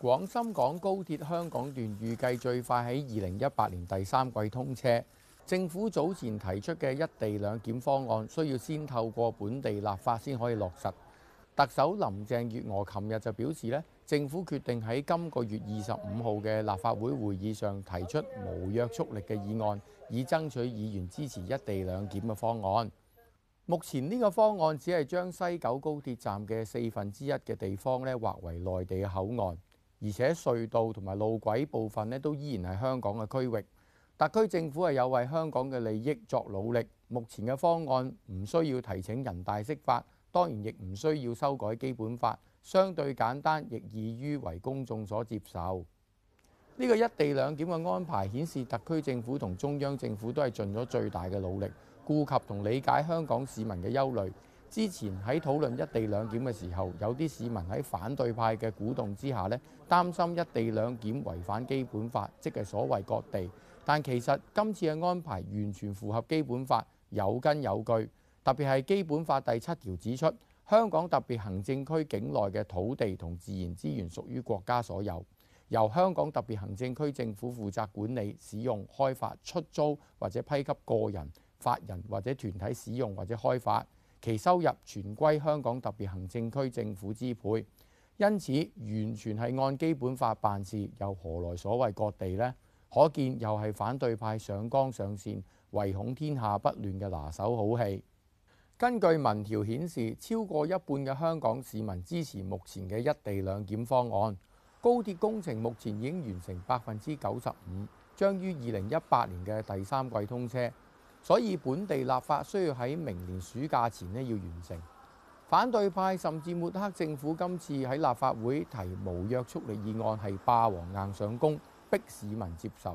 廣深港高鐵香港段預計最快喺二零一八年第三季通車。政府早前提出嘅一地兩檢方案，需要先透過本地立法先可以落實。特首林鄭月娥琴日就表示咧，政府決定喺今個月二十五號嘅立法會會議上提出無約束力嘅議案，以爭取議員支持一地兩檢嘅方案。目前呢個方案只係將西九高鐵站嘅四分之一嘅地方咧劃為內地嘅口岸。而且隧道同埋路軌部分呢都依然係香港嘅區域。特區政府係有為香港嘅利益作努力。目前嘅方案唔需要提請人大釋法，當然亦唔需要修改基本法，相對簡單，亦易於為公眾所接受。呢個一地兩檢嘅安排顯示，特區政府同中央政府都係盡咗最大嘅努力，顧及同理解香港市民嘅憂慮。之前喺討論一地兩檢嘅時候，有啲市民喺反對派嘅鼓動之下咧，擔心一地兩檢違反基本法，即係所謂割地。但其實今次嘅安排完全符合基本法，有根有據。特別係基本法第七條指出，香港特別行政區境內嘅土地同自然資源屬於國家所有，由香港特別行政區政府負責管理、使用、開發、出租或者批給個人、法人或者團體使用或者開發。其收入全歸香港特別行政區政府支配，因此完全係按基本法辦事，又何來所謂割地呢？可見又係反對派上綱上線，唯恐天下不亂嘅拿手好戲。根據民調顯示，超過一半嘅香港市民支持目前嘅一地兩檢方案。高鐵工程目前已經完成百分之九十五，將於二零一八年嘅第三季通車。所以本地立法需要喺明年暑假前呢要完成。反對派甚至抹黑政府今次喺立法會提無約束力議案係霸王硬上弓，逼市民接受。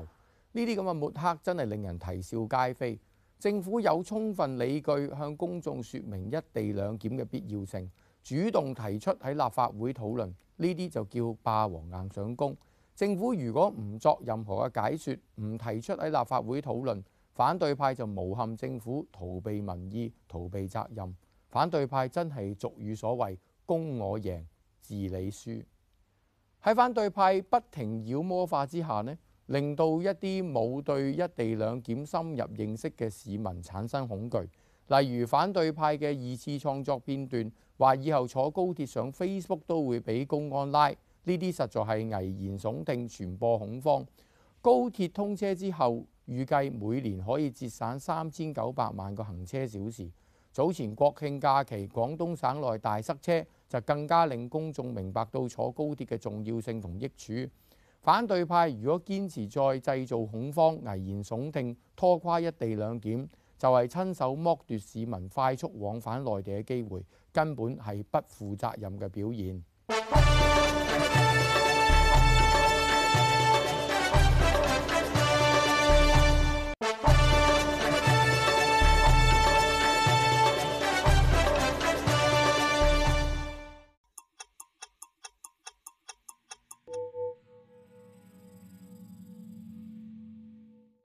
呢啲咁嘅抹黑真係令人啼笑皆非。政府有充分理據向公眾說明一地兩檢嘅必要性，主動提出喺立法會討論，呢啲就叫霸王硬上弓？政府如果唔作任何嘅解說，唔提出喺立法會討論。反對派就誣陷政府逃避民意、逃避責任。反對派真係俗語所謂「公我贏，字你輸」。喺反對派不停妖魔化之下呢，令到一啲冇對一地兩檢深入認識嘅市民產生恐懼。例如反對派嘅二次創作片段，話以後坐高鐵上 Facebook 都會俾公安拉，呢啲實在係危言聳聽、傳播恐慌。高鐵通車之後，預計每年可以節省三千九百萬個行車小時。早前國慶假期，廣東省內大塞車，就更加令公眾明白到坐高鐵嘅重要性同益處。反對派如果堅持再製造恐慌、危言聳聽、拖垮一地兩檢，就係親手剝奪市民快速往返內地嘅機會，根本係不負責任嘅表現。